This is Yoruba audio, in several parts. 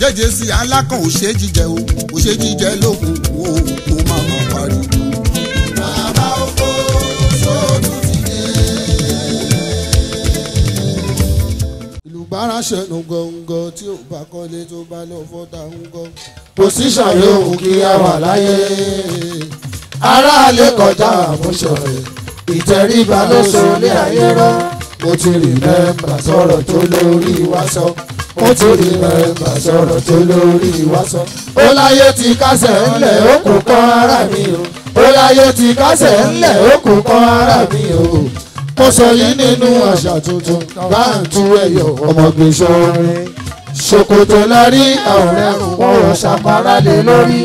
jẹ́jẹ́ sí alákàn ò ṣe jíjẹ o ò ṣe jíjẹ lókun o kò má má parí. bàbá oko sóòtú ti dé. ìlú bára ṣẹ̀nu gọ̀ǹgọ̀ tí ò bá kọ́lé tó bá lọ fọ́tà ń gọ́. pòṣíṣà yóò kí a wà láyé aráàlú kọjá àmúṣọrẹ ìtẹríba ló so ilé ayé rọ mo ti rìmẹ́mbà sọ̀rọ̀ tó lórí wá sọ kún torí mẹ́fà sọ̀rọ̀ tó lórí wa sọ. ó láyé ti kásẹ̀ ńlẹ̀ ó kò kọ́ ara mi o. ó láyé ti kásẹ̀ ńlẹ̀ ó kò kọ́ ara mi o. mo sọ yìí nínú àṣà tuntun bá ń tú ẹyọ ọmọge sọrin. ṣòkòtò la rí àwòrán wọn rọ ṣàpárá lé lórí.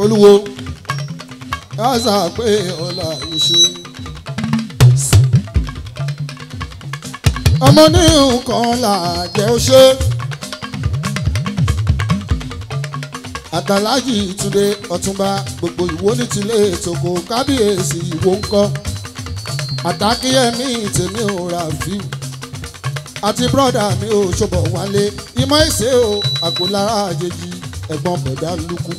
olúwo yàtọ̀ pé ọ̀la ìṣe. ọmọ ní nǹkan làjẹ́ ó ṣe. àtàlájì túnde ọ̀túnba gbogbo ìwó ní tilé tòkó kábíyèsí ìwó ń kọ́ àtàkìyẹmí tèmi ò rà fíù àti bírọ̀dà mi ò ṣọ̀bọ̀ wálé ìmọ̀ ìṣe o àgbòlára àjèjì ẹ̀gbọ́n bọ̀dá lukú.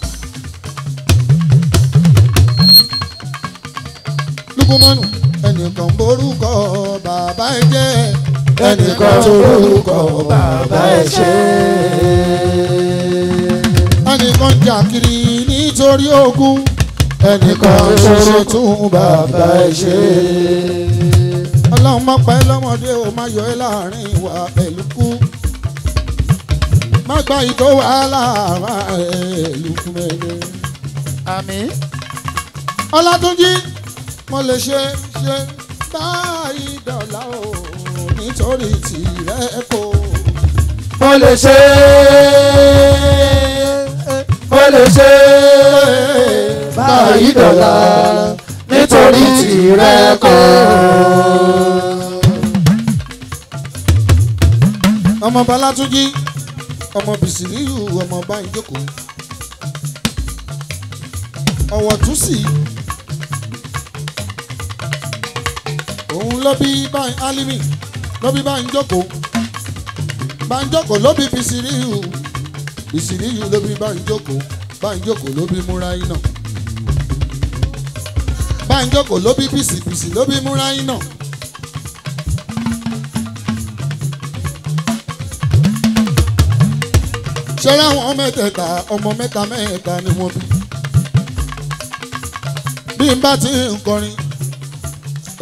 lukumanu ẹnìkan borúkọ bàbá ẹ jẹ́ ẹnìkan tó lórúkọ bàbá ẹ ṣe. ẹnìkan jà kiri nítorí ogún ẹnìkan ṣoṣo tún bàbá ẹ ṣe. ọlọ́run má pa ẹ́ lọ́mọdé o má yọ ẹ́ láàrin ìwà pẹ̀lú kú má gba ìtò wàhálà má ẹ̀ẹ́lú fún ẹ̀ẹ́dẹ́. àmín. ọlátúnjí mo lè ṣe ṣe báyìí dọ̀la o nítorí tìrẹ kò. mo lè ṣe mo lè ṣe báyìí dọ̀la nítorí tìrẹ kò. ọmọ Bọ́látúnjí ọmọ Bìsìlíyù ọmọ Bánjókòó ọwọ́ tún òun ló bí báyìí Álímì lóbi banjoko, banjoko jókòó bá ń jókòó lóbi Bisiriyu Bisiriyu lóbi banjoko ń jókòó bá ń jókòó lóbi múra iná bá ń jókòó lóbi bìsìbìsì lóbi múra iná. ṣé láwọn mẹ́tẹ̀ẹ̀ta ọmọ mẹ́ta mẹ́ta ni wọ́n bí bí n bá ti ń kọrin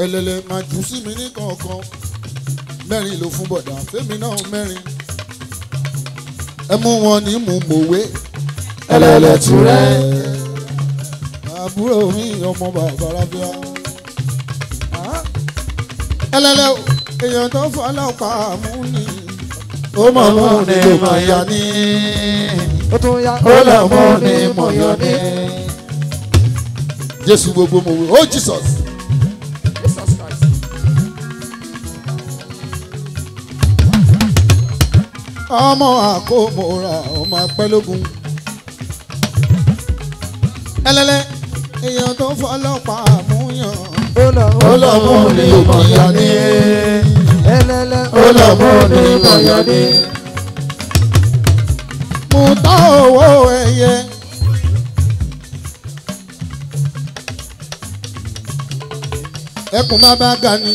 ẹlẹ́lẹ́ máa sí mi ní kọ̀ọ̀kan mẹ́rin ló fún bọ̀dà fẹ́mi náà mẹ́rin ẹ mú wọn ní mú mòwe ẹlẹ́lẹ́tù rẹ̀ àbúrò mi ọmọ bàbá rábíà ẹlẹ́lẹ́ èèyàn tó fọlọ́pàá mú ni ó mọ̀ mú ni mọ̀ yá ni ó tún yá ó lọ mú ni mọ̀ yá ni Jésù gbogbo mòwe ó oh, Jesus. ọmọ àkómọ́ra ọmọ apẹ́lógún. ẹlẹ́lẹ́ èèyàn tó fọlọ́pàá múyàn. ọlọ́mọ ni mọ̀yá ni ẹlẹ́lẹ́ ọlọ́mọ ni mọ̀yá ni. mo tọ́ owó ẹyẹ. ẹkùn má bá ga ni.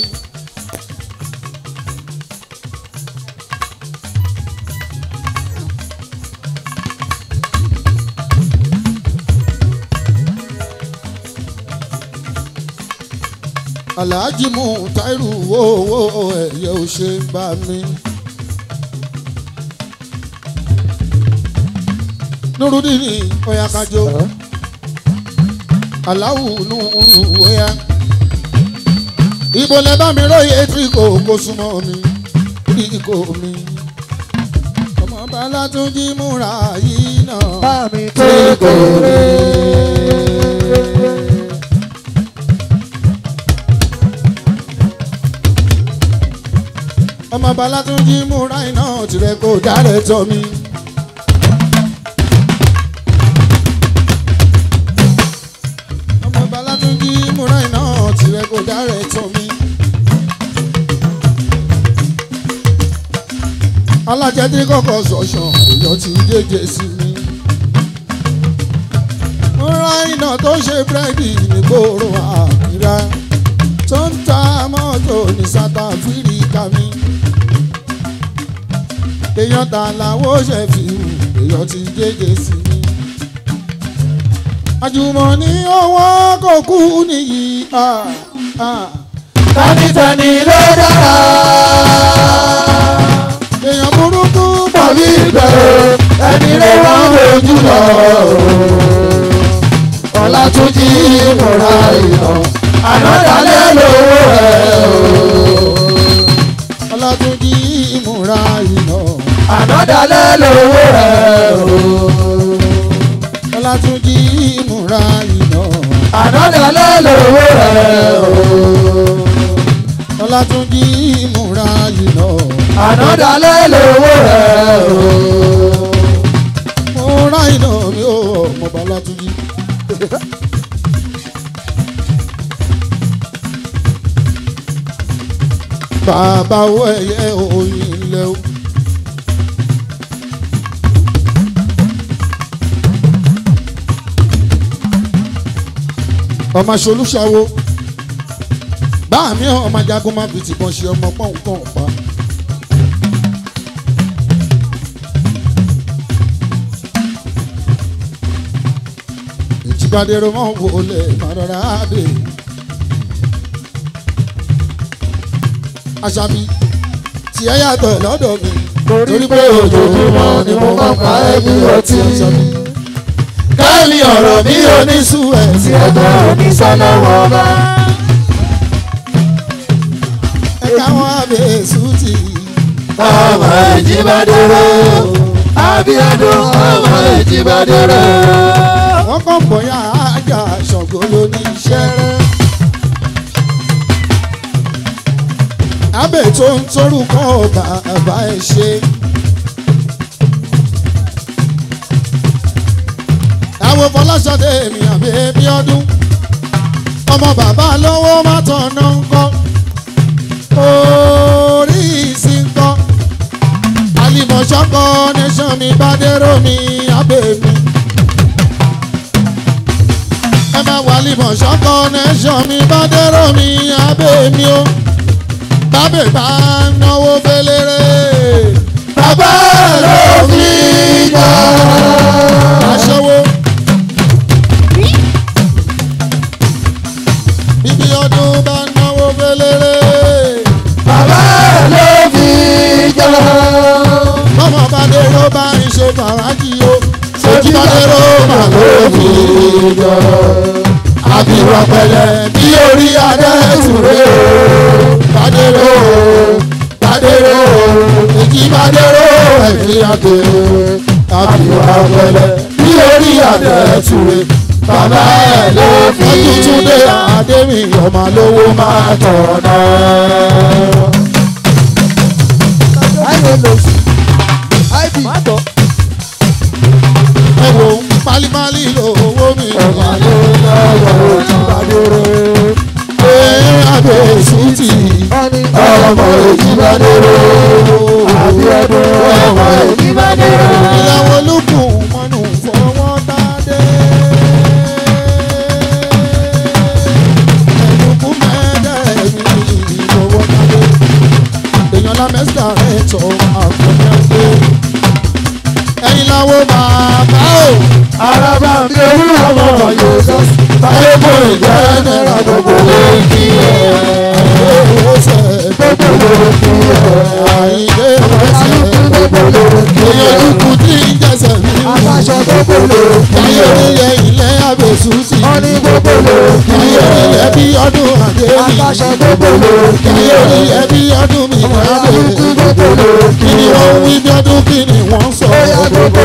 aláàjì mú táìrù owó ẹ̀yẹ ò ṣe bá mi. nurudini oya kajo aláwù nùrù oya ibo lẹ bá mi róye tí kò kó súnmọ́ mi rí kò mi ọmọ bá látúnjí múra yìí náà bá mi tó kò rí. ọmọ Bọ́látúnjí múra iná tìrẹ kò dáre tọ́ mi. ọmọ Bọ́látúnjí múra iná tìrẹ kò dáre tọ́ mi. alájẹdí kọkọ sọsàn èèyàn ti jẹjẹ sí mi. múra iná tó ṣe búrẹ́dì nígboro àkìrá tó ń ta mọ́tò ní sátà fìrì ìka mi. èèyàn ta làwọn ṣe fi hù èèyàn ti jẹ́jẹ́ sí mi. àjùmọ̀ní owó kò kú nìyí. Ah, ah. tanitani ló dára. èèyàn burúkú pọ̀ bí ìbẹ̀rù ẹni lè wọ́n lójú lọ. ọ̀la tún jí ìmọ̀ra ìlọ ànádàlẹ́ lówó ẹ̀ o ìmúra iná. ànádàlẹ́ lówó rẹ̀ o. Ọlátúnjí ìmúra iná. ànádàlẹ́ lówó rẹ̀ o. Ọlátúnjí ìmúra iná. ànádàlẹ́ lówó rẹ̀ o. mo ra iná mi ò mọ̀ bá Ọlátúnjí. bàbá owó ẹ̀yẹ oyin lẹ o. ọmọ solúṣàwọ báà mi ọmọ jagun má fi tìbọn ṣe ọmọ pọ́npọ́n pa. ìtìgbàdérò mọ́ wò lè má rọra dé. Àṣàbí tí ẹ yàtọ̀ lọ́dọ̀ mi. torí pé ojoojúmọ́ ni mo máa ń pa ẹ́ ní ọtí. káàlì ọ̀rọ̀ mi ò ní sú ẹ̀ tí ẹ bá òní sọ́lọ́wọ́ bá. ẹ káwọn àbẹ̀ èṣù tì í. ọmọ ìjìbádẹ́rẹ́ Abíọ́dún ọmọ ìjìbádẹ́rẹ́. wọ́n kàn bóyá ajá ṣọ̀gbọ́n ló iṣẹ́ rẹ̀. àbẹ̀ tó ń torúkọ bàbá ẹ ṣe. àwọn fọláṣadé mi àbí ẹbí ọdún ọmọ bàbá lọ́wọ́ má tọ̀nà ń kọ́ orí ìsìnkọ́ àlìmọ̀ṣọ́kọ́ nation mi bá dérò mi àbẹ̀ mi. ẹ máa wà àlìmọ̀ṣọ́kọ́ nation mi bá mi àbẹ̀ mi o. Oh bábẹ̀ bá náwó fẹ́lẹ́rẹ́. bàbá ló fi gbà. aṣẹ́wó. bíbí ọdún bá náwó fẹ́lẹ́rẹ́. bàbá ló fi gbà. mọ́mọ́ bá dèrò bá ń ṣe o. sojú bá dèrò bá ló fi gbà. àbí rọpẹlẹ bí orí adé tùrẹ́ o tàdérò tàdérò èjì bá dérò ẹ̀mí àtẹ àbíwá pẹ̀lẹ́ bí orí àtẹ túre bàbá ẹ̀ ló fi ojútúndé àdémi ọmọ lówó máa tọ̀nà. Ẹ̀wọ̀n lo lówó mi. Ọ̀gá ló lọ́wọ́ ọ̀tọ̀. aṣọ gbogbo kí ni ó rí ẹbí ọdún mi máa lè gbogbo kí ni ó wí bí ọdún kí ni wọ́n sọ gbogbo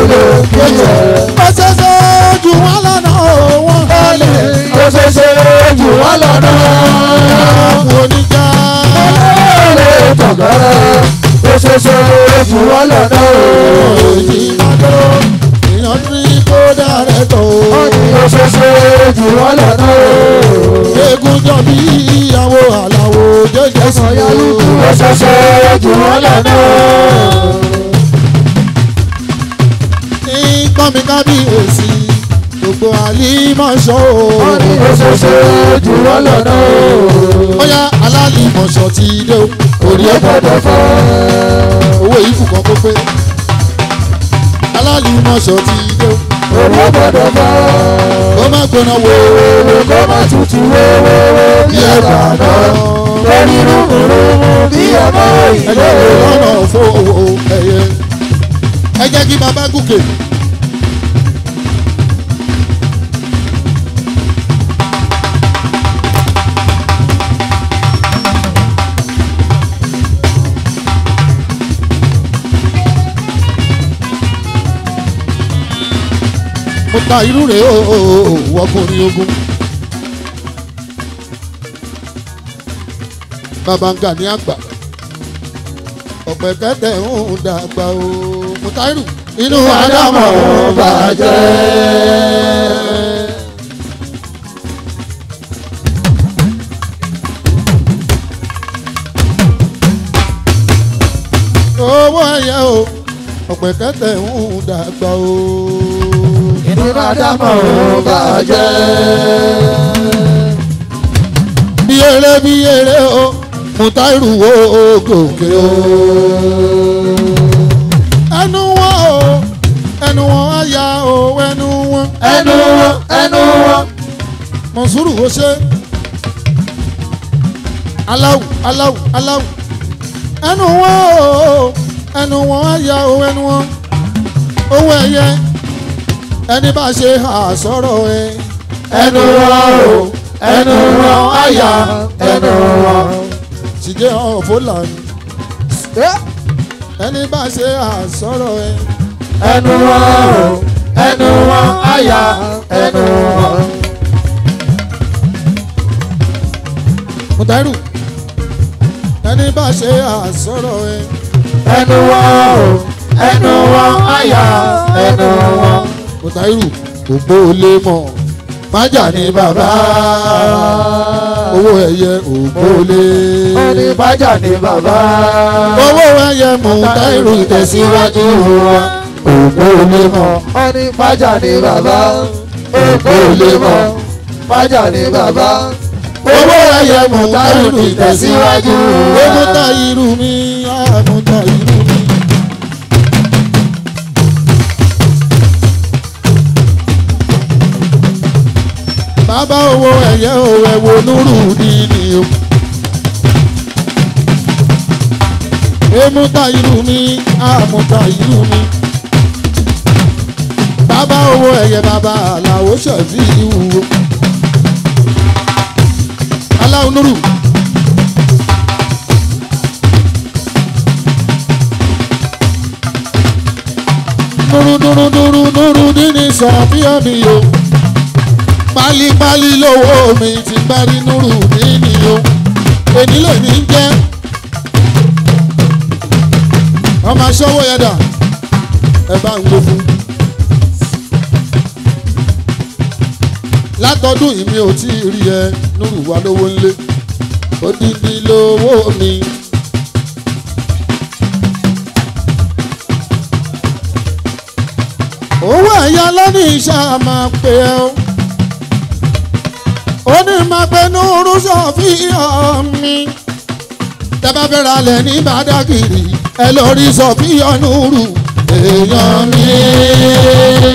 kí ni ó. ọ̀sẹ̀sẹ̀ jù wọ́n lọ́nà wọ́n lè. ọ̀sẹ̀sẹ̀ jù wọ́n lọ́nà. àwọn oníjà. ọ̀lẹ́ tọ̀gọ́rọ̀ ọ̀sẹ̀sẹ̀ jù wọ́n lọ́nà. ìyànjú kó dáa rẹ̀ tó. ọ̀sẹ̀sẹ̀ jù wọ́n lọ́nà eégún jọ bí ìyàwó àlàwò jẹjẹ sọ. ọ̀yà lùkù ló ṣẹ̀ṣẹ̀ jù wọ́n lẹ́nu. ìgbọ́nmi kábíyèsí gbogbo àlìmọ̀ṣọ́ o. wọ́n ní ló ṣẹ̀ṣẹ̀ jù wọ́n lẹ́nu. bóyá alálìmọ̀ṣọ́ ti dé o. orí ẹ̀ gbọ́dọ̀ fẹ́. owó ìfúkọ́ kó pé alálìmọ̀ṣọ́ ti dé owó gbọdọ̀ mọ́. kó má gbóná wéwéwé kó má tutù wéwéwé bí ẹ̀bà náà lórí rúkúrúmú bí ọmọ ìlú. ẹ̀jẹ̀ kí bàbá gòkè. gba irú rẹ̀ ó wọ́kùnrin ogun. bàbá ń gà ní àgbà ọ̀pẹ̀ kẹ́tẹ̀ ń dàgbà o Mutairu inú àdámọ̀ bàjẹ́. owó ẹ̀yẹ o ọ̀pẹ̀ kẹ́tẹ̀ ń dàgbà o ìdí náà dámọ̀ ò bàjẹ́. bí eré bí eré o Mutairu wo gòkè o. ẹnu wọn o ẹnu wọn á ya o ẹnu wọn. ẹnu wọn ẹnu wọn. Mọ̀súrù ó ṣe. aláwù aláwù aláwù ẹnu wọn o ẹnu wọn á ya o ẹnu wọn owó ẹyẹ ẹni bá ṣe hàn sọ̀rọ̀ ẹ. ẹnu rán o ẹnu rán àyà ẹnu rán. ṣìjẹ́ hàn fúlàní. ẹni bá ṣe hàn sọ̀rọ̀ ẹ. ẹnu rán o ẹnu rán àyà ẹnu rán. mùtẹ́rù ẹni bá ṣe hàn sọ̀rọ̀ ẹ. ẹnu rán o ẹnu rán àyà ẹnu rán mùtáírù ògbó lé mọ̀ májà ní bàbá owó ẹyẹ ògbó lé. ó ní májà ní bàbá. owó ẹyẹ mùtáírù tẹ̀síwájú wa ògbó lé mọ̀. májà ní bàbá ògbó lé mọ̀ májà ní bàbá owó ẹyẹ mùtáírù tẹ̀síwájú wa. ó mi á bàbá owó ẹ̀yẹ òwe wo núrù nínú o. èmúta ìlú mi àmúta ìlú mi bàbá owó ẹ̀yẹ bàbá àlàó ṣẹ̀fì ìwúwo. aláwo núrù. dúró dúró dúró dúró dín ní mi yòó pálípálí lówó mi ti gbá nínú rù mí nìyó èyí lèmi ń jẹ́ ọmọ aṣọ́wó yẹn dà ẹ bá ń gbó fún. látọdún yìí mi ò tí ì rí ẹ nírú wa lówó ńlé odidi lówó mi. owó ẹ̀yà lọ́nà iṣẹ́ a máa pè o ó ní máa pẹ́ núurú sọ̀fíàn mi tẹ́bá fẹ́ra lẹ̀ ní bàdàkìrì ẹ lórí sọ̀fíàn núurú èèyàn mi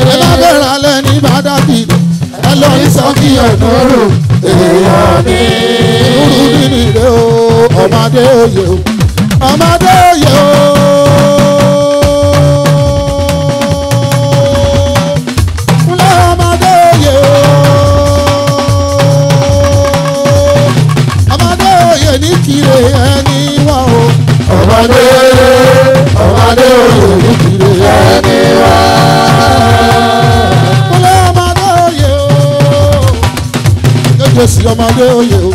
tẹ́bá fẹ́ra lẹ̀ ní bàdàkìrì ẹ lórí sọ̀fíàn núurú èèyàn mi núurú nínú ìrẹ́ o ọmọdé òye o ọmọdé òye o. oyè ní kiri ẹni wá o. ọmọdé ọmọdé oyè ní kiri ẹni wá. kúlẹ̀ ọmọdé oyè o. kéde sí ọmọdé oyè o.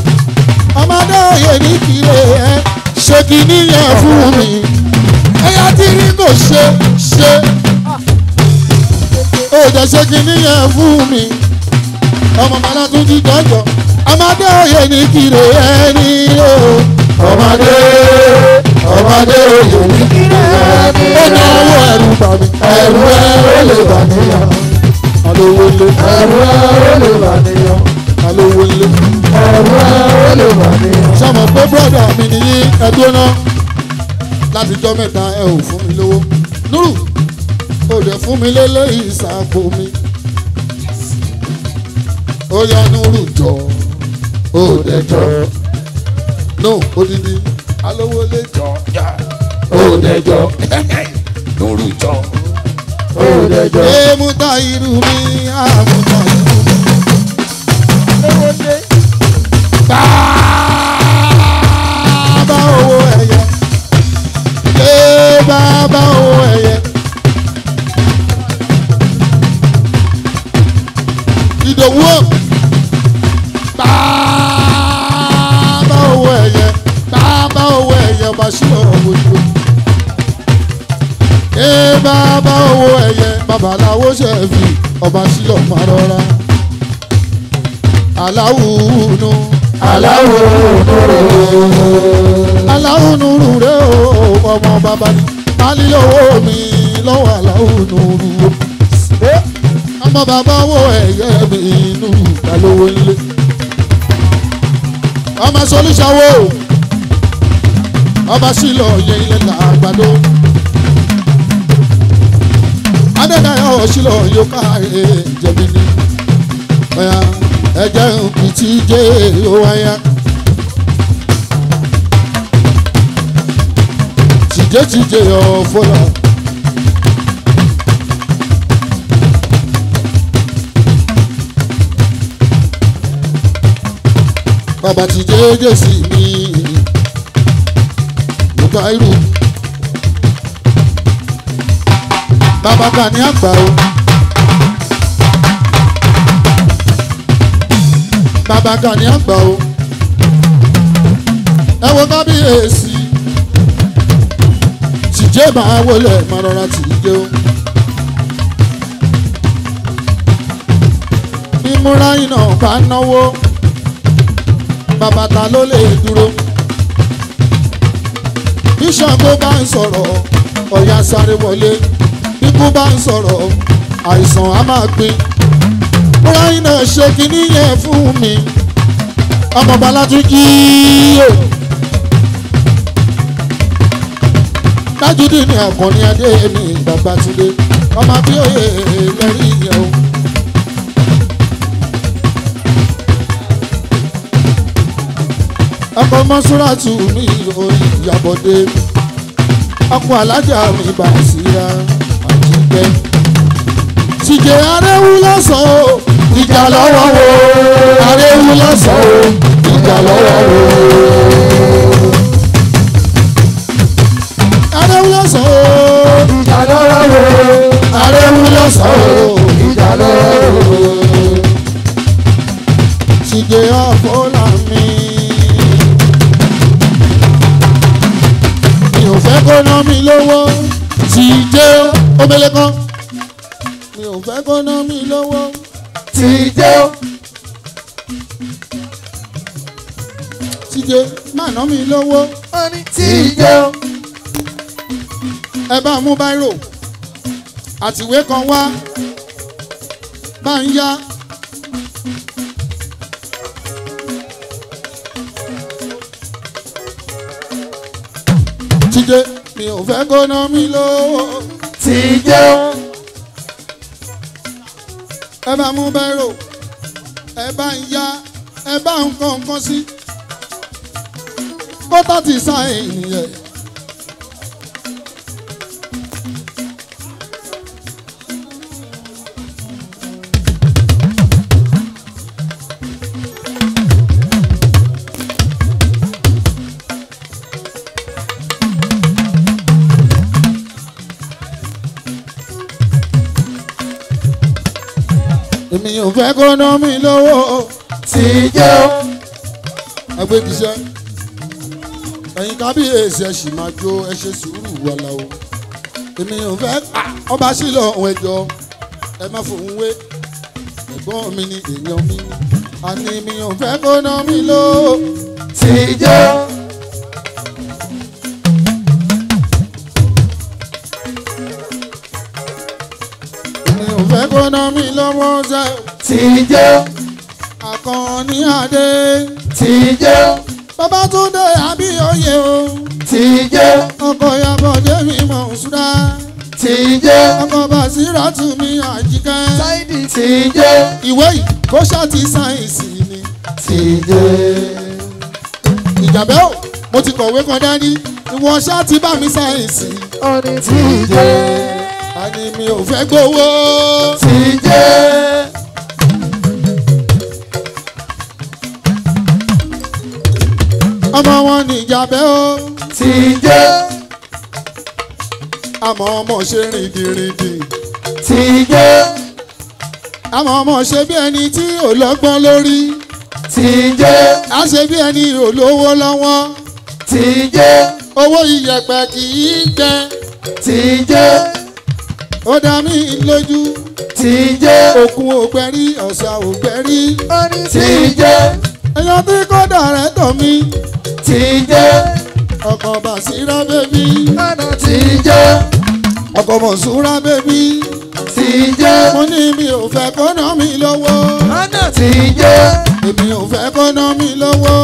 ọmọdé oyè ní kiri ẹ ṣe kìíní yẹn fún mi. ẹyà tí rí kò ṣe ṣe. ó jẹ́ ṣe kìíní yẹn fún mi. ọmọ màdá tún ti jọjọ ọmọdé òye ní kiri ẹni o. ọmọdé ọmọdé òye ní kiri ẹni o. ó náà wọ ẹrù bà mí. ẹrù ẹrù lè bà mí yọ. alówó lé. ẹrù ẹrù lè bà mí yọ. alówó lé. ẹrù ẹrù lè bà mí yọ. sọmọ pé bọ́dà mi nìyí ẹdúró náà láti jọ mẹ́ta ẹ ò fún mi lówó. nuru ò lè fún mi lélẹ́yìí sáàpò mi. ó yá nuru jọ ó dẹ̀ jọ no odidi alówó lè jọ ó dẹ̀ jọ lóru jọ ó dẹ̀ jọ. èmúta irú mi àmúta irú mi. alówó lè. bàbá owó ẹ̀yẹ. lé bàbá owó ẹ̀yẹ. owó ṣẹ̀fì ọba sílọ̀ máa rọra. aláwùnú. aláwùnú rè o. aláwùnú rè o ọmọ bàbá mi má nílò owó mi lọ́wọ́ aláwùnú rè o. ọmọ bàbá wo ẹ̀yẹ mi inú ìdálówó ilé. ọmọ solúṣàwò ọba sílọ̀ yẹ ilẹ̀ làgbàdo adédáyọ̀ òṣìlò yóò káre jẹ̀bi ni oya. ẹ̀jẹ̀ òkú tí jẹ́ owó ẹ̀yà. tìjẹ́ tìjẹ́ yọ̀ fọlá. bàbá tìjẹ́ jẹ́sì mi mú ká irú. tábàkà ní àgbà o. tábàkà ní àgbà o. ẹ wo kábíyèsí tìjẹ́ máa wọlé máa rọra tì í jẹ́ o. bí múra iná bá náwó bàbá ta ló lè dúró bíṣà tó bá ń sọ̀rọ̀ ọ̀yà sáré wọlé ikú bá ń sọ̀rọ̀ àìsàn á máa pin búráìnà ṣe kínní yẹn fún mi ọmọọba látúnjí o dájúdì ní àkànní adé mi bàbá túndé ọmọ bí òye lẹ́rí yẹn o. ọkọ mọ́súrátù mi ò yàbọ̀dé ọkọ alájà mi bá sí ra ìdíje aréwu lọ́sàn o ìjà lọ́wọ́ wo aréwu lọ́sàn o ìjà lọ́wọ́ wo. aréwu lọ́sàn o ìjà lọ́wọ́ wo aréwu lọ́sàn o ìjà lọ́wọ́ wo. ṣìjẹ́ àfọlá mi. mi ò fẹ́ kó ná mi lówó ṣìjẹ́ omele kan fẹ́ kó ná mi lówó. tìjẹ́ ó. tìjẹ́ má ná mi lówó. ó ní tìjẹ́ ó. ẹ bá mú báírò àtìwé kan wá bá ń yá. Tíjé mi ò fẹ́ kó mi lówó. Tíjé o ẹ bá mú bẹ́rò ẹ bá ń yá ẹ bá ń kọ́ sí kó tá ti sáyẹn yẹn. ò fẹ́ kó ná mi lówó tí jẹ́ ó. agbẹ́dìṣẹ́ ẹ̀yin kábíyèsí ẹ̀ sì máa jó ẹ ṣe sùúrù wàlà o èmi ò fẹ́ ọba sílò òun ẹjọ́ ẹ má fòun wé ẹ̀gbọ́n mi ni èèyàn mi àní mi ò fẹ́ kó ná mi lówó tí jẹ́ ó. fẹ́ kó ná mi lọ́wọ́ sẹ́wọ̀. Tijó. Àkànní Adé. Tijó. Babátúndé Abíọ́yè o. Tijó. Ọkọ Ìyábọ̀dé mi Mọ̀nsúrà. Tijó. Ọkọ Bàṣírátù mi Àjíkẹ́. Sáídì. Tijó. Ìwé yìí kó ṣáàtì sáyẹ̀nsì ni. Tijó. Ìjàbẹ́ o, mo ti kọ̀wé kan dání. Ìwọ ṣáàtì bá mi sáyẹ̀nsì. Ọ̀nì Tijó. Àní mi ò fẹ́ gbowó. Tijó. ọmọ wọn nìjàbẹ́ o ti jẹ́ àmọ́ ọmọ ṣe rìndìrìndì ti jẹ́ àmọ́ ọmọ ṣe bí ẹni tí ò lọ́gbọ́n lórí ti jẹ́ á ṣe bí ẹni ò lówó lọ́wọ́ ti jẹ́ owó iyẹ̀pẹ̀ kì í gbẹ ti jẹ́ ó dá mi lójú ti jẹ́ òkun ògbẹ́rí ọ̀sà ògbẹ́rí ti jẹ́ èèyàn tí kò dàrẹ́ tọ̀ mi. ti jẹ́. ọkọ̀ bàṣírà bẹ́bí. ti jẹ́. ọkọ̀ mọ̀ṣúra bẹ́bí. ti jẹ́. mo ní mi ò fẹ́ kó ná mi lọ́wọ́. ti jẹ́. èmi ò fẹ́ kó ná mi lọ́wọ́.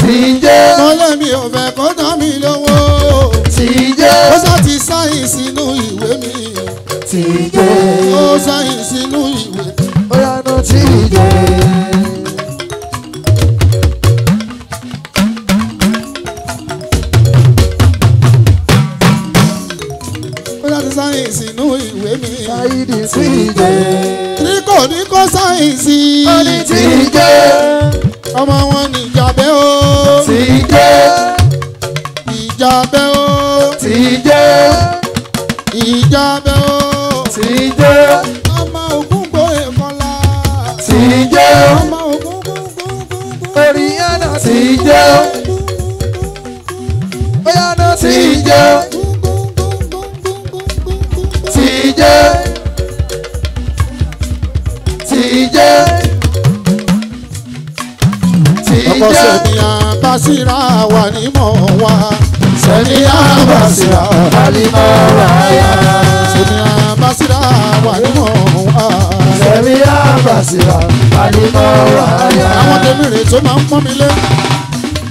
ti jẹ́. mọ́lẹ́ mi ò fẹ́ kó ná mi lọ́wọ́. ti jẹ́. ó sá ti sáyìn sínú ìwé mi. ti jẹ́. ó sáyìn sínú ìwé. ó yànnà ti jẹ́. ṣáìdì sí ìjẹ́. ní kò ní kó sáyẹ̀nsì. ó ní tí ìjẹ́. ọmọ wọn ní ìjàbẹ́ o. tí ìjẹ́. ìjàbẹ́ o. tí ìjẹ́. ìjàbẹ́ o. tí ìjẹ́. ọmọ ògún gbòye kọ́lá. tí ìjẹ́. ọmọ ògún gbòye kọ́lá. orí yàrá tí ìjẹ́. síra wà ní mọ̀ wá. sẹ́ni àbá síra wà ní mọ̀ wá yá. sẹ́ni àbá síra wà ní mọ̀ wá. sẹ́ni àbá síra wà ní mọ̀ wá yá. àwọn tèmi rè tó máa ń pọ́n mi lé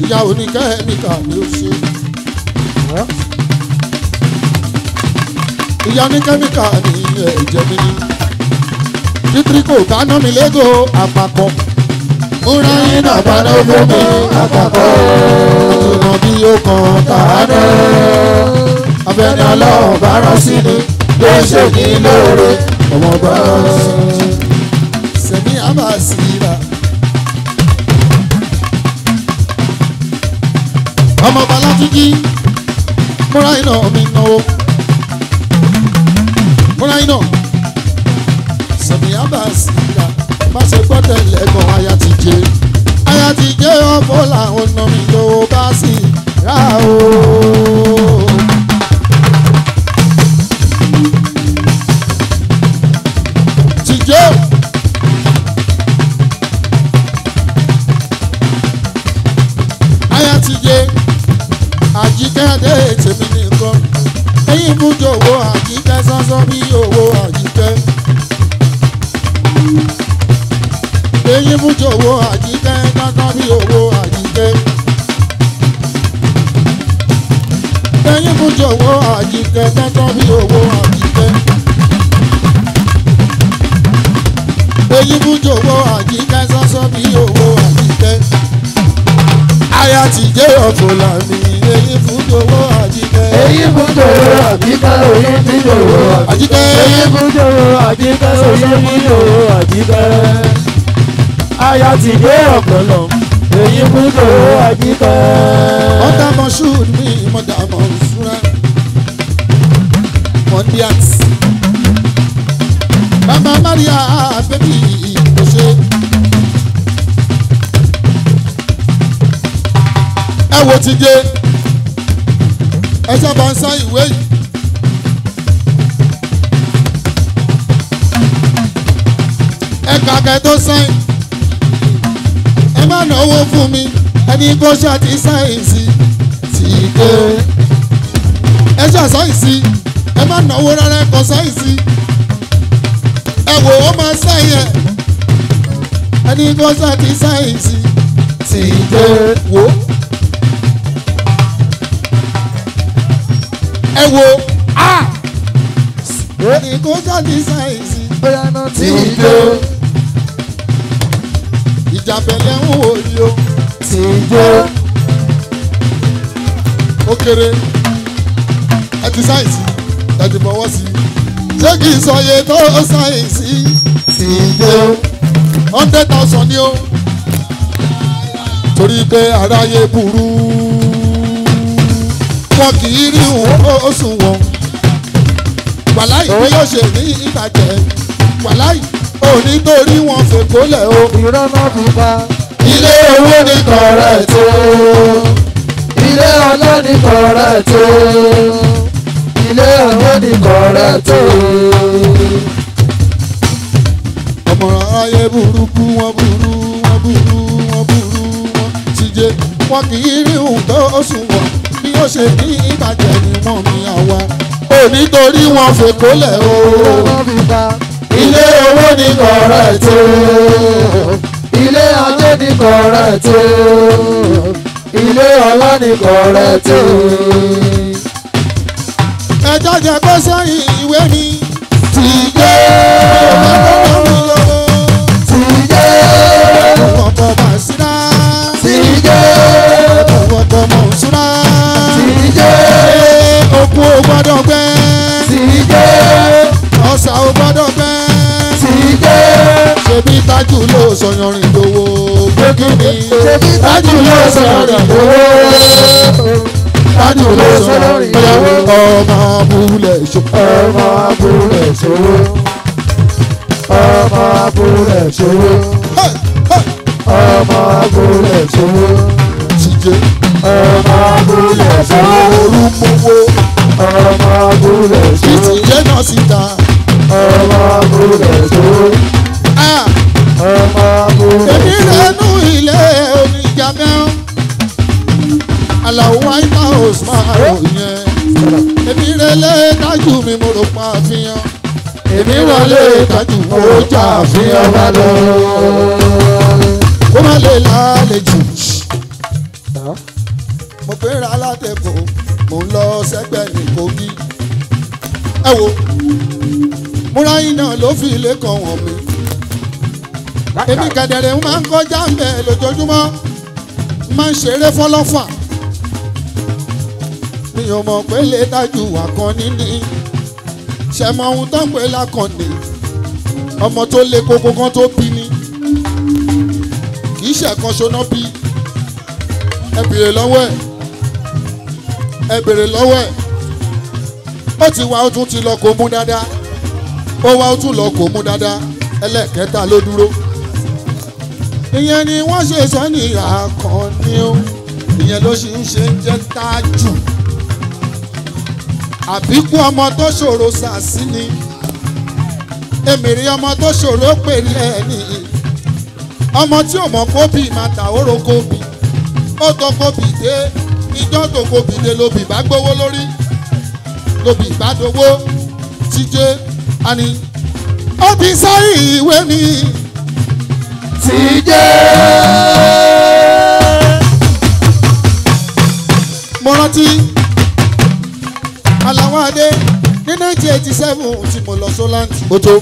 ìyá oníkẹ́míkà ni ó ṣe. ìyá oníkẹ́míkà ni ẹ̀jẹ̀ mi ní. títírí kò bá ná mi àpapọ̀ múra iná balógun mi àtàkọ́ ìrìnà bí o kan tàánú. afẹ́ni ọlọ́run bá rán sí ni yóò ṣe ní lóore ọmọ bá. sẹ̀mí a máa sì rà. ọmọ Bọ́látìjí múra iná mi náwó múra iná sẹ̀mí a máa sì rà má ṣe gbọ́dọ̀ lẹ́gàn aya ti jẹ aya ti jẹ mi tó bá sì rà o. tìjọ́ aya ti jẹ àjíkẹ́ adé tèmi nìkan ẹ̀yìn bùjọ owó àjíkẹ́ sánsán bí owó àjíkẹ́. owó àjíkẹ́ kákọ́ bí owó àjíkẹ́. Tẹ́yìn kú jọ̀wọ́ àjíkẹ́ kákọ́ bí owó àjíkẹ́. Tẹ́yìn kú jọ̀wọ́ àjíkẹ́ sọ́sọ́ bí owó àjíkẹ́. Aya ti jẹ́ ọ̀pọ̀ làmì èyí fún jọ̀wọ́ àjíkẹ́. Èyí fún jọ̀wọ́ àjíkẹ́ òye ti jọ̀wọ́ àjíkẹ́. Èyí fún jọ̀wọ́ àjíkẹ́ òye ti jọ̀wọ́ àjíkẹ́ aya ti dé ọ̀pọ̀lọ̀ èyí mú lò ó àjíkọ́. ọ̀tá mọ̀ṣúù ní ìmọ̀dà mọ̀ òṣùra mọ̀ndíàt. bàbá maria àfẹ́bí ìkọ̀ṣe. ẹ wo ti dé ẹ sábà ń sá ìwé yìí. ẹ kàkẹ́ tó sáyìn má náwó fún mi ẹni kó ṣàti sáyẹ̀nsì tí kò ẹ ṣàṣàyẹ̀nsì ẹ má náwó rárá ẹ kọ sáyẹ̀nsì ẹ wò ó máa sáyẹ̀ ẹni kó ṣàti sáyẹ̀nsì tí kò wò ẹ wò á ah! ẹni kó ṣàti sáyẹ̀nsì tí kò ìjàmbẹ̀lẹ̀ ń wò yí o. tìjó. ó kéré ẹ ti sáyẹ̀sì ẹ ti sí i ṣé kì í sọye tó sáyẹ̀sì. tìjó. hundred thousand ni o torí pé aráyé burú wọn kì í rí òsùn wọn wàláì bí yóò ṣe ní ìbàjẹ́ wàláì ò nítorí wọn fèkólẹ̀ o. irọ́ náà fi pa. ilé owó ní kọ̀ọ̀rẹ́ tó. ilé ọlá ní kọ̀ọ̀rẹ́ tó. ilé ọlá ní kọ̀ọ̀rẹ́ tó. ọ̀mọ̀ràn ayé burúkú wọn burú wọn burú wọn burú wọn ti jẹ wọn kì í rí nǹkan sùn wọn bí ó ṣe ní ìbàjẹ́ ni wọ́n mi àwa. ò nítorí wọn fèkólẹ̀ o. irọ́ náà fi pa ilé owó ni kọ̀rẹ́ tó ilé ajé ni kọ̀rẹ́ tó ilé ọlá ni kọ̀rẹ́ tó. ẹjọ́ jẹ kó sẹ́yìn ìwé mi. ti dé ti dé ọ̀pọ̀ máa síra ti dé ọ̀pọ̀ máa síra ti dé okun ò gbẹ ti dé ọ̀sà ò ṣebí tájú ló sọyọrin lówó gbégìní ṣebí tájú ló sọyọrin lówó tájú ló sọyọrin lówó ọmọ abúlé ṣòwò ọmọ abúlé ṣòwò ọmọ abúlé ṣòwò ọmọ abúlé ṣòwò ṣìjẹ ọmọ abúlé ṣòwò olúmọwó ọmọ abúlé ṣòwò ìtìjẹ náà síta ọmọ abúlé ṣòwò ọmọ òru. èmi lẹ́nu ilé oníjà mẹ́rin aláwọ̀ àìmá osman òyìn èmi rẹ̀lẹ̀ tájú mi mo rò pa àfihàn èmi rọ̀lẹ̀ tájú mo jà àfihàn bá lọ. kó má lè lálejò mo pèrè alátẹ̀kọ̀ mo ń lọ sẹ́gbẹ̀ẹ́ ní Kogi ẹ wo múra iná ló fi ilé kan wọ̀n mi èmi kẹ̀dẹ̀rẹ̀ ń máa ń kọjá ń bẹ̀ lójoojúmọ́ máa ń ṣeré fọlọ́fà mi ò mọ̀ pé lè dájú wà kan níní ṣe mọ ohun tó ń pè lákànnì ọmọ tó lé koko kan tó bí ni kì í ṣẹ̀kan ṣoná bí ẹ bèrè lọ́wọ́ ẹ̀ ẹ bèrè lọ́wọ́ ẹ̀ ó ti wá ó ti lọ kó mú dáadáa ó wá ó lọ kó mú dáadáa ẹlẹ́ẹ̀kẹta ló dúró ìyẹn ni wọ́n ṣe sọ ní àkànní o ìyẹn ló ṣì ń ṣe jẹ́ tájù àbíkú ọmọ tó ṣòro sàsí ni èmèrè ọmọ tó ṣòro pè lẹ́ẹ̀ni ọmọ tí ò mọ̀ kóbì máa tà óró kóbì ó tó kóbì dé ìjọ́ tó kóbì dé lóbì bá gbówó lórí lóbì bá dowó tíjé ani ó ti sáré ìwé ni ti jẹ́. mo rántí aláwọ̀ adé ní nineteen eighty seven tí mo lọ Solent. ó tó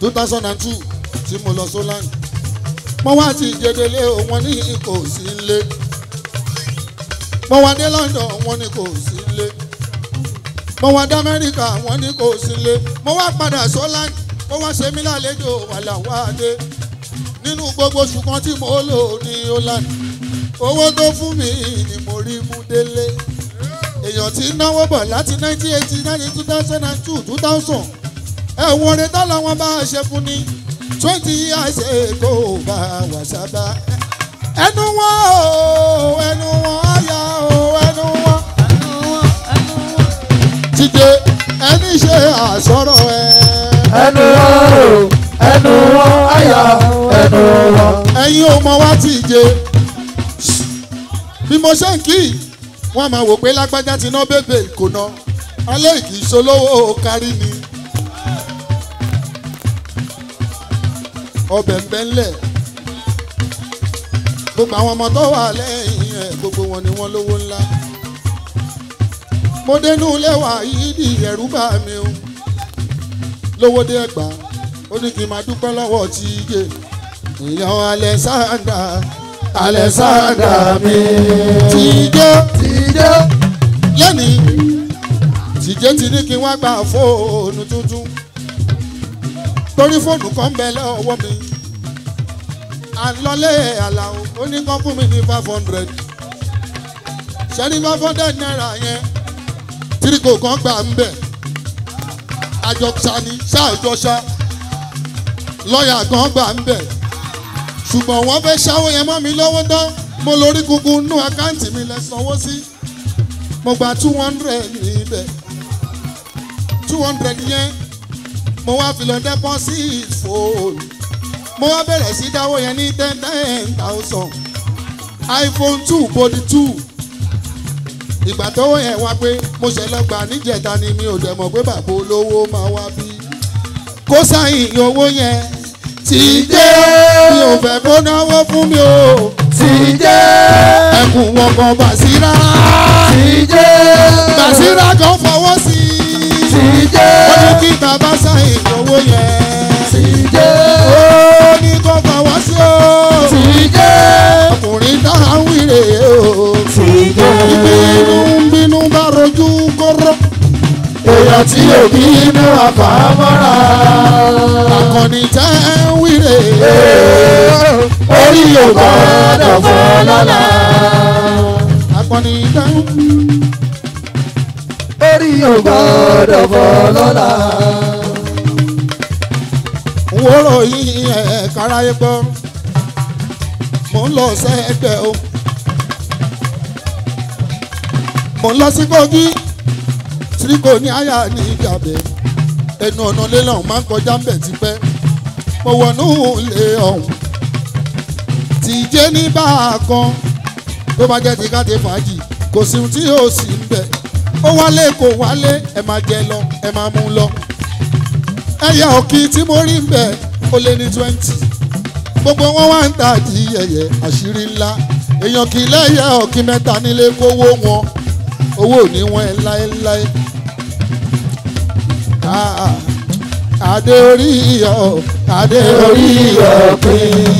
two thousand and two tí mo lọ Solent. mo wá ti jẹdẹlé wọn ní kò sí ilé. mo wá dé London wọn ní kò sí ilé. mo wá dé Amẹ́ríkà wọn ní kò sí ilé. mo wá padà Solent ó wá ṣe mí lálejò wà làwọn adé nínú gbogbo ṣùgbọ́n tí mo lò ní ọ̀làní owó tó fún mi ni mo rí mú délé èèyàn tí náwó bọ̀ láti 1989 2002 2000 ẹ̀wọ̀n rẹ̀ dá làwọn bá a ṣe fún ni twenty years ago bá a wà sábà ẹnu wọn o ẹnu wọn àyà o ẹnu wọn. jíde ẹni ṣe àsọ̀rọ̀ ẹ ẹnu wọn rò ẹnu wọn àyà ẹnu wọn. ẹ̀yin ò mọ wá tí ì jẹ bí mo ṣe ń kí wọn máa wò pé lágbájá ti ná bèbè kò ná alẹ́ ìkì í ṣolówó kárí ni. ọbẹ̀ ń bẹ́ ńlẹ̀ gbogbo àwọn ọmọ tó wà lẹ́yìn ẹ̀ gbogbo wọn ni wọ́n lówó ńlá mo dénú lẹ́wà yìí di ẹ̀rú bá mi o lówódé ẹ̀gbá ó ní kí n máa dúpẹ́ lọ́wọ́ tí yé ìyàn Alexander Alexander mi tìjẹ́ tìjẹ́ lẹ́nìí tìjẹ́ ti ní kí n wá gba fóònù tuntun torí fóònù kan bẹ lọ́wọ́ mi àlọ́lé àlàó ó ní kán fún mi ní five hundred ṣẹ́ni five hundred naira yẹn tíríkò kan gbà ń bẹ̀ àjọṣà ni ṣáàjọṣà lọ́ọ̀yà kan gbà ń bẹ̀ ṣùgbọ́n wọ́n fẹ́ ṣáwó yẹn mọ́ mi lọ́wọ́ dán mo lórí kunkun nú àkáǹtì mi lẹ sanwó sí mo gba two hundred níbẹ̀ two hundred yẹn mo wá fi lọ deposit fóònù mo wá bẹ̀rẹ̀ sí dáwó yẹn ní ten ten thousand iPhone two body two ìgbà tọ́wọ́ yẹn wá pé mo ṣe lọ gbà ni mi ò dẹ̀ mọ̀ pé bàbá olówó máa wá bí. kó sáyìn owó yẹn ti dé mi ò fẹ́ kó náwó fún mi o ti dé ẹkùn wọn kan Basira ti dé Basira kan fọwọ́ sí i ti dé ó ní kí bàbá sáyìn owó yẹn síjẹ́. ó ni kó fọwọ́ sí o. síjẹ́. ọkùnrin tá a ń wíre o. síjẹ́. ìbínú bínú bá rojú kóró. èèyàn tí òbí inú àfàmọ́ra. akọni tá a ń wíre. orí yóò gbọ́dọ̀ fọ́ lọ́la. akọni tá ń wíre orí ògbọ́dọ̀ fọ́ lọ́la wóró yìí ẹ̀ káráyé gbọ́ mò ń lọ sẹ́gbẹ̀ o mò ń lọ sí Kogi tí kò ní àyà ní ìjàbẹ̀ ẹnu ọ̀nà lélọ́hùn máa ń kọjá ń bẹ̀ tipẹ́ mo wọnú ilé ọ̀hún tìjẹ́ ní bá a kan tó bá jẹ́ ti káde fàájì kò sí ohun tí yóò sì ń bẹ̀ ó wálé kò wálé ẹ máa jẹ lọ ẹ máa mú lọ ẹyẹ òkì tí mo rí ń bẹ ó lé ní twenty gbogbo wọn wá ń tà di ẹyẹ àṣírí ńlá èèyàn kì í lẹ́yẹ òkì mẹ́ta nílé kówó wọn owó òní wọn ẹ láéláé ah, adé orí iyọ̀ adé orí iyọ̀ pín.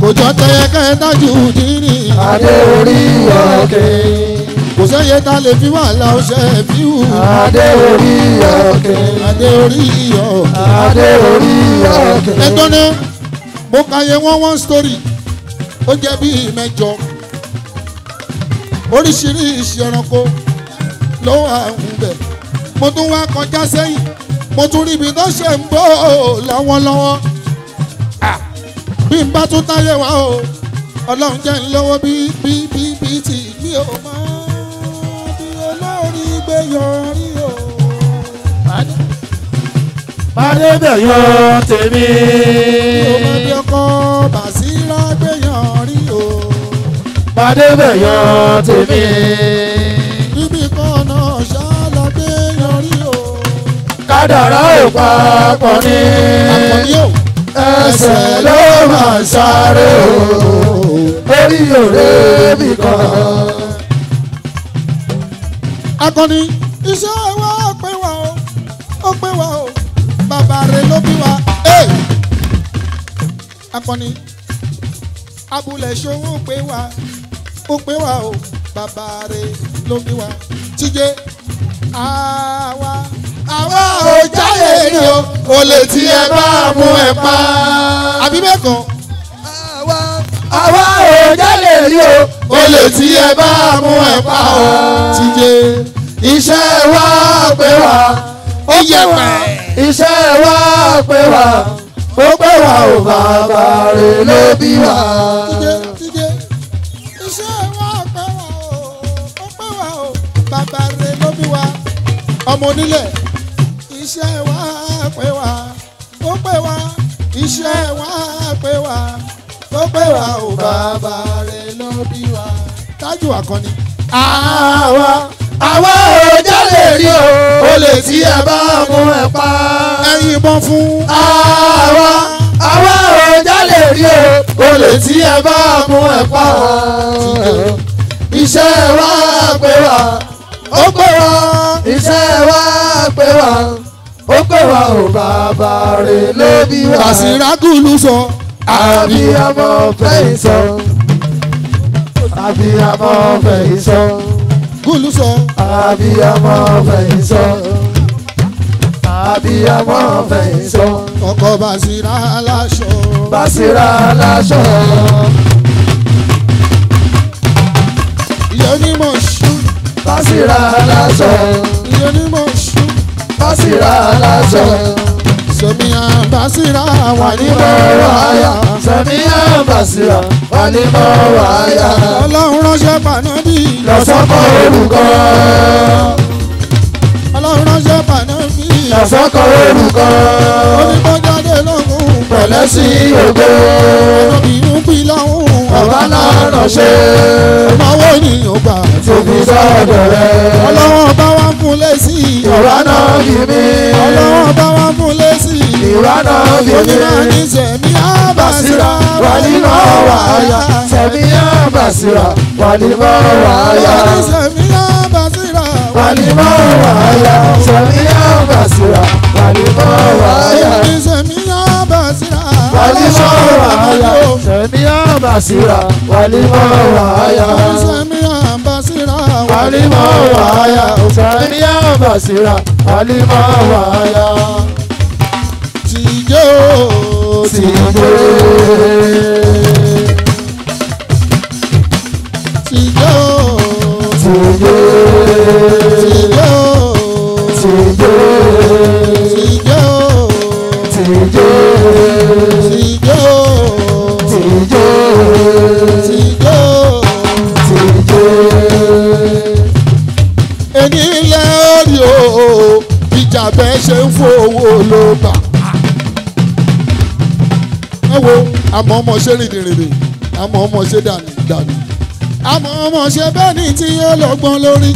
kò jọ tẹyẹ kẹ dájú dínì. adé orí ọ̀kẹ́ kò sẹ́yẹ tá lè fi wàhálà ọṣẹ fi hù. adé orí òkè. adé orí òkè. adé orí òkè. ẹ dọ́nà mo ka yẹ wọ́n one story ó jẹ́ bíi mẹ́jọ oríṣiríṣi ẹranko ló wà ń bẹ̀ mo tún wá kọjá sẹ́yìn mo tún rí ibi tó ṣe ń bọ̀ lọ́wọ́lọ́wọ́ bí n bá tún táyé wá o ọlọ́run jẹ́ ń lọ́wọ́ bí bí bí bí tì mí máa. Adébẹ̀yọ tèmi. Ọmọdé ọkọ Bàsírá gbẹ̀yàn rí o. Adébẹ̀yọ tèmi. Níbi kan náà ṣáàlà gbẹ̀yàn rí o. Kádàrá ò papọ̀ ni. Ẹsẹ̀ ló máa sáré o. Orí òré mi kan. Akọni iṣẹ́. akọni abúlé ṣòwò pé wá ó pé wá o bàbá rẹ ló bí wá tíjé àwa àwa ò jáde rí o olè tí ẹ bá mú ẹ pa. àbí bẹ́ẹ̀ kọ́. àwa ò jáde rí o olè tí ẹ bá mú ẹ pa o. tíjé iṣẹ́ wa pé wá ó yẹ pẹ́. iṣẹ́ wa pé wá ó pẹ́ wà ó bàbá rẹ̀ ló bí wà. ọmọ onílẹ̀ iṣẹ́ wa pé wa ó pé wa iṣẹ́ wa pé wa ó pé wa ó bàbá rẹ̀ ló bí wa. tájù àkànni. àwa. Ah, àwa ò jálè rí o olè tí ẹ bá mú ẹ pa. ẹyin mọ fún. àwa àwa ò jálè rí o olè tí ẹ bá mú ẹ pa. iṣẹ́ wa pé wa ó pé wa iṣẹ́ wa pé wa ó pé wa ò bàbá rẹ̀ lóbi wa. àsìrágùlù sọ. àbí ọmọ fẹ́ sọ àbí ọmọ fẹ́ sọ kúlù sọ. abiyamọ fẹ̀yìn sọ. abiyamọ fẹ̀yìn sọ. ọkọ Basira aláṣọ. Basira aláṣọ. yẹnimọ̀ ṣú. Basira aláṣọ. yẹnimọ̀ ṣú. Basira aláṣọ. Sẹ̀míyà Basira wà ní bọ̀wọ̀ Basira Sẹ̀míyà Bàṣírà wà ní bọ̀wọ̀ àyà. Ọlọ́run ránṣẹ́ pànábì. Lọ́sọ́kọ̀ olùkọ́. Ọlọ́run ránṣẹ́ pànábì. Lọ́sọ́kọ̀ olùkọ́. Onígbọ́jáde lọ́gùn. Pẹ̀lẹ́ sí ògo. Ọmọbìnrin pìlà òun. Ọ̀bá náà ránṣẹ́. Ọmọ wo ni gbà? ti fi sọ́dọ̀ rẹ̀. ọlọ́wọ́n bá wá fún lẹ́sí. ìwà náà kì mí. ọlọ́wọ́n bá wá fún lẹ́sí. ìwà náà kì mí. onímọ̀ ní sẹ̀mí àbàsíra. wà nínú ọ̀rọ̀ àyà. sẹ̀mí àbàsíra. wà nínú ọ̀rọ̀ àyà. sẹ̀mí àbàsíra. wà nínú ọ̀rọ̀ àyà. sẹ̀mí àbàsíra. wà nínú ọ̀rọ̀ àyà. sẹ̀mí àbàsíra. wà nínú ọ̀rọ̀ àyà. sẹ̀mí àbàsíra. wà nínú ọ̀rọ̀ àyà. sẹ̀mí àbàsíra wàlímọ̀ wàáyà òsàní àbàṣírà wàlímọ̀ wàáyà. tìjó tìjó tìjó tìjó tìjó tìjó tìjó tìjó tìjó tìjó. ọjà bẹ́ẹ̀ ṣe ń fowó ló bà. ẹ wo àmọ́ ọmọ ṣe rìndìnrìndìn àmọ́ ọmọ ṣe dànù dànù àmọ́ ọmọ ṣe bẹ́ẹ̀ ni tí yóò lọ́gbọ́n lórí.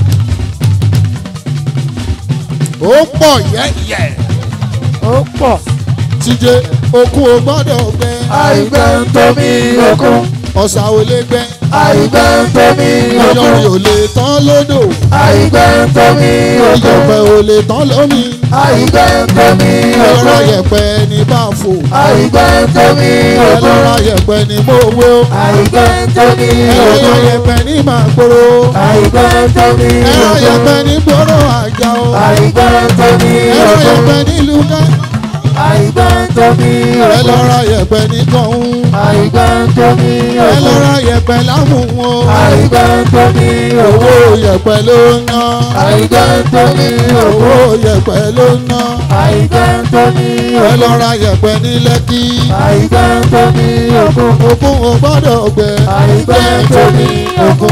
ó pọ̀ yẹ́yẹ́. ó pọ̀. tíjẹ okun ò gbọ́dọ̀ gbẹ. àìgbẹ́ ń tóbi okun. ọ̀sà ò lè gbẹ àìgbẹ́ ń pè mí oko. ọjọ́ mi ò lè tán lódò. àìgbẹ́ ń pè mí oko. ọjọ́ mi ò lè tán lómi. àìgbẹ́ ń pè mí oko. ẹlọ́ra yẹ̀pẹ̀ ni bá fò. àìgbẹ́ ń pè mí oko. ẹlọ́ra yẹ̀pẹ̀ ni mo wé o. àìgbẹ́ ń pè mí oko. ẹlọ́ra yẹ̀pẹ̀ ni màá gbòòrò. àìgbẹ́ ń pè mí oko. ẹlọ́ra yẹ̀pẹ̀ ni gbòòrò àjà o. àìgbẹ́ ń pè mí oko. ẹlọ́ra yẹ̀pẹ̀ ni lùkà àìgbẹ́ tómi òkú. ẹ lọ́ra yẹ̀pẹ̀ ní kọ́hún. àìgbẹ́ tómi òkú. ẹ lọ́ra yẹ̀pẹ̀ láhùn o. àìgbẹ́ tómi òkú. owó yẹ̀pẹ̀ ló ń ná. àìgbẹ́ tómi òkú. owó yẹ̀pẹ̀ ló ń ná. àìgbẹ́ tómi òkú. ẹ lọ́ra yẹ̀pẹ̀ ní lẹ́kì. àìgbẹ́ tómi òkú. òkun ò gbọ́dọ̀ gbẹ. àìgbẹ́ tómi òkú.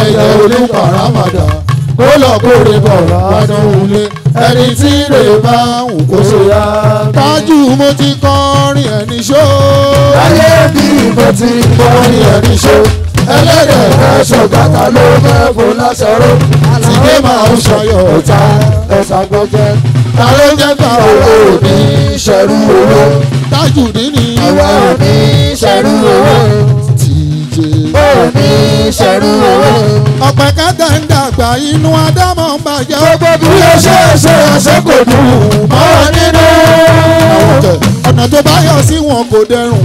ẹ̀yẹ olùkọ́ ramadan kó lọ kórè bọ̀ lọ́dún ilé ẹni tí lè bá ń kó sóyá. tájú mo ti kọrin ẹni ṣó. láyé bí mo ti kọrin ẹni ṣó. ẹlẹ́dẹ̀ ẹ̀ṣọ́ bàtà ló mẹ́fò lásọ̀rọ̀. tìdé máa ń ṣọyọ̀ ọ̀tá ẹ̀sà gbọ́jẹ́. ta ló jẹ́ ká owó ní ìṣẹ̀rù owó. tájú dín ní ìwà ò ní owó ò ní ṣerú o. ọ̀pẹ̀ kẹ́tẹ̀ ń dàgbà inú adámọ̀ ń bàjẹ́. gbogbo bí ó ṣe é ṣe àṣekòdù mọ́ nínú. ọ̀nà tó bá yọ sí wọn kò dẹrùn.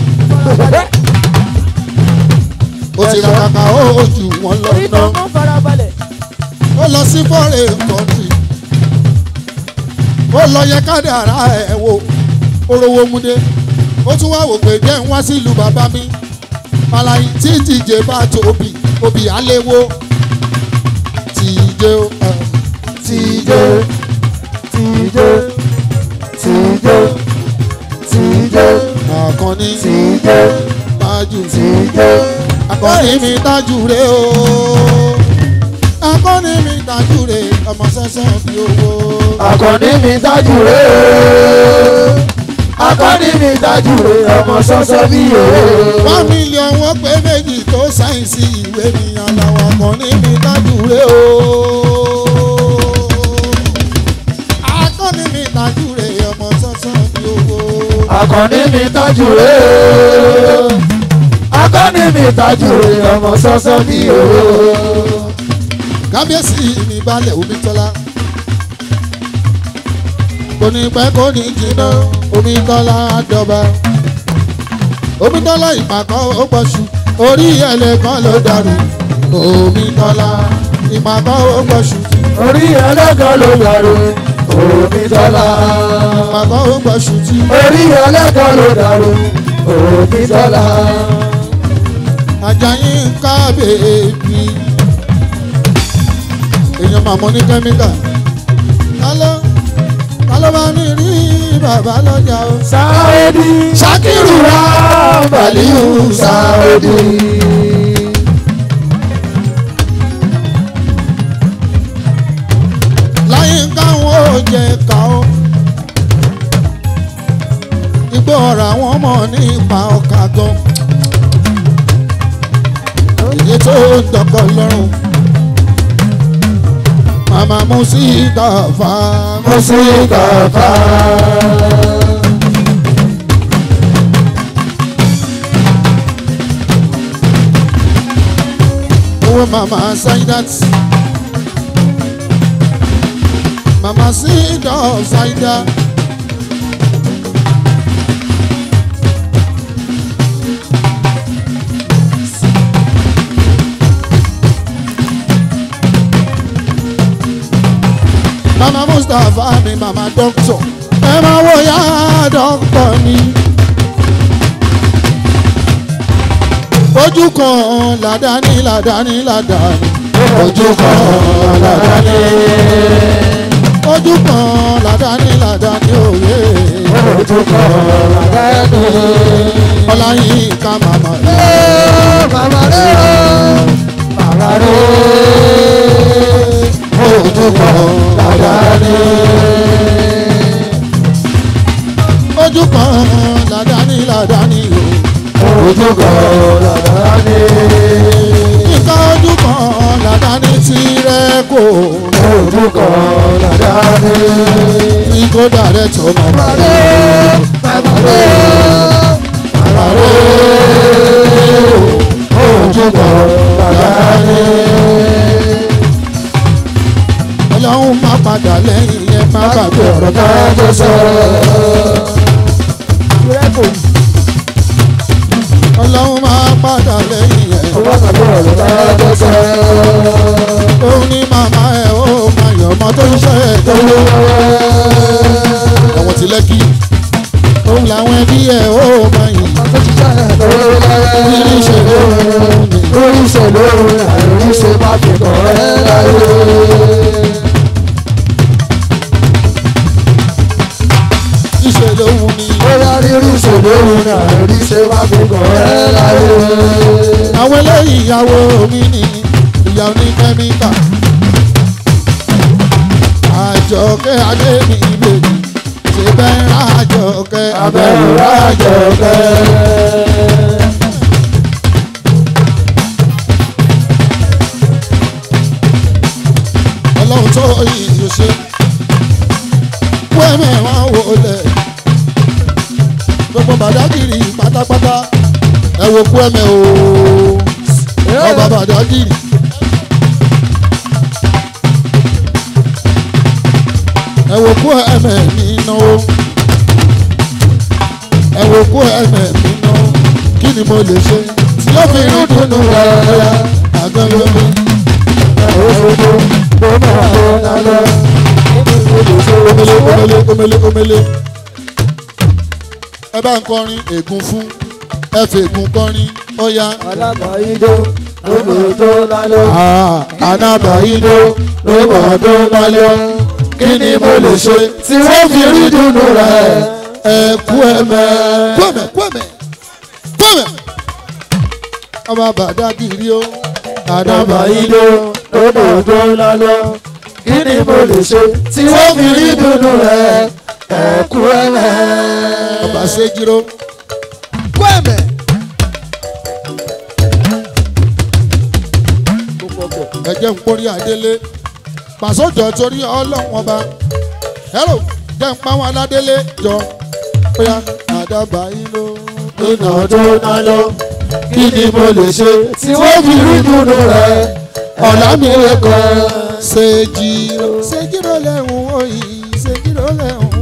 ó ti kàkà ó jù wọ́n lọ ná. ó lọ sí fọ́ọ̀rẹ́ kọ́ńtì. ó lọ yẹ kádàrá ẹ̀ wò. ó múdé. ó tún wá wò pé jẹ́ ń wá sílùú bàbá mi malayi tí tìjẹ bá tóbi obì aléwó tìjẹ o tìjẹ um, tìjẹ tìjẹ tìjẹ àkànní tìjẹ tájú tìjẹ àkànní mi tájú rẹ o àkànní mi tájú rẹ ọmọ sẹsẹ bí owó àkànní mi tájú rẹ o akọ́ni mi dájú rẹ̀ ọmọ ṣọ́ṣọ́ bí òwe. fámìlì ọ̀wọ́n pé méjì tó sáyẹ̀nsì ìwé mi àlàwọ̀ akọ́ni mi dájú rẹ̀ o. akọ́ni mi dájú rẹ̀ ọmọ ṣọ́ṣọ́ bí owó. akọ́ni mi dájú rẹ̀ o. mi dájú rẹ̀ ọmọ ṣọ́ṣọ́ bí òwe. kábíyèsí mi balẹ̀ omi tọ́lá kò ní pẹ́ kò ní jìnnà. Omídọ́lá àjọba Omídọ́lá ìmàkọ́ ó gbọ́sù orí ẹlẹ́kan ló dàrú Omídọ́lá ìmàkọ́ ó gbọ́sù orí ẹlẹ́kan ló dàrú Omídọ́lá ìmàkọ́ ó gbọ́sù tí orí ẹlẹ́kan ló dàrú Omídọ́lá. Àjàyí ń kábèébí èèyàn màmú ní kẹ́míkà ta bá ní rí i bàbá lọ́jà o. sáwẹ́dì ṣàkírù rà bàlíù sáwẹ́dì. láyé káwọn ò jẹ ká o igbó ọ̀rọ̀ àwọn ọmọ nípa ọkà tó tó ń dọ̀kọ̀ lọ́rùn. Mama Mustafa Mustafa. Oh Mama Saidat Mama Sida Saidat mama mustapha mi mama doctor, ẹ máa wo ya dókítọ̀ mi. ojú kan ladani. làdáni ladani. ojú kan ladani, ojú kan làdáni ladani. òye ojú kan làdáni ọláyín ká màmá rẹ màmá rẹ màmá rẹ ojú kan làdáni. ojú kan làdáni làdáni o. ojú kan làdáni. ìka ojú kan làdáni ti rẹ kò. ojú kan làdáni. ikó dàrẹ́ tó mọ̀ bàrẹ́ bàbàrẹ́ bàbàrẹ́ ojú kan làdáni ọlọ́run má padà lẹ́yìn yẹn má gbàgbé ọ̀rọ̀ tá a jọ sọ. ọlọ́run má padà lẹ́yìn yẹn má gbàgbé ọ̀rọ̀ tá a jọ sọ. òun ni màmá ẹ̀ ó máa yọ̀ ọmọ tó ń ṣe ẹ̀ tó lówó. àwọn ti lẹ́kì òun làwọn ẹbí ẹ̀ ó máa yìn. ọmọ tó ń ṣe ẹ̀ tó àìríṣe má fi kọ̀ ẹ́ láyé. ṣòdòwù ni. bóyá rírí ṣòdòwù náà rí ṣe bá àwọn eléyìí ìyàwó mi ni ìyá oníkẹ́míkà. àjọkẹ́ adé mi ibè ṣe bẹ́ẹ̀ rájọkẹ́. abẹ́rù rájọkẹ́. ọlọ́run tó yìí ṣe wẹ́mẹ̀ wá wọlé gbogbo bàdágìrì pátápátá ẹ wo kú ẹmẹ ooo ọba bàdágìrì. ẹ wo kú ẹmẹ mi náwó ẹ wo kú ẹmẹ mi náwó kí ni mo lè ṣe tí yóò fi rí dùnú rárá àgbọn lómi ẹ̀rọ ṣoṣo tó máa tó lálẹ́ omele omele omele omele ẹ bá ń kọrin ègún fún ẹ fègún kọrin ó yá. alábàáyídó lóbò tó lálọ́. alábàáyídó lóbò tó lálọ́. kí ni mo lè ṣe tí wọ́n fi rí dùnú rẹ̀ ẹ kú ẹ mẹ́. kú ẹ̀mẹ̀ kú ẹ̀mẹ̀ kú ẹ̀mẹ̀. ọmọ bàdá kiri o. alábàáyídó lóbò tó lálọ́. kí ni mo lè ṣe tí wọ́n fi rí dùnú rẹ̀. Ekweme. Ọba Sejiro. Kweme. Ẹ jẹ́ n kórí Adélé. Pàṣọjọ torí ọlọ́run ọba. Hello, jẹ́ n pa wọn aládélé jọ. Bóyá àdàbà yín ló. Iná tó ná lọ, kí ni mo lè ṣe tí wọ́n fi rí dúró rẹ̀? Ọ̀la mi rẹ̀ kọ́. Sejiro. Sejiro lẹ́hùn oyin, Sejiro lẹ́hùn.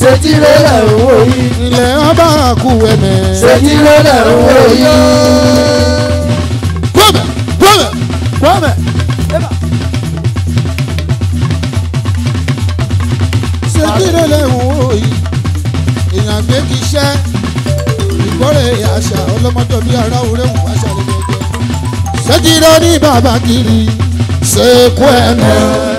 Ṣètìlẹ̀ lẹ̀ ń wò yìí. Ilẹ̀ ọba kú ẹ̀mẹ̀. Ṣètìlẹ̀ lẹ̀ ń wò yìí. Gbọ́mẹ̀ gbọ́mẹ̀ gbọ́mẹ̀. Ṣètìlẹ̀ lẹ̀ ń wò yìí. Èèyàn gbé kí iṣẹ́ àṣà ọlọ́mọjọ́ bíi ará òré wù àṣà lẹ́gbẹ̀ẹ́. Ṣètìlẹ̀ ní bàbá kiri ṣe kú ẹ̀mẹ̀.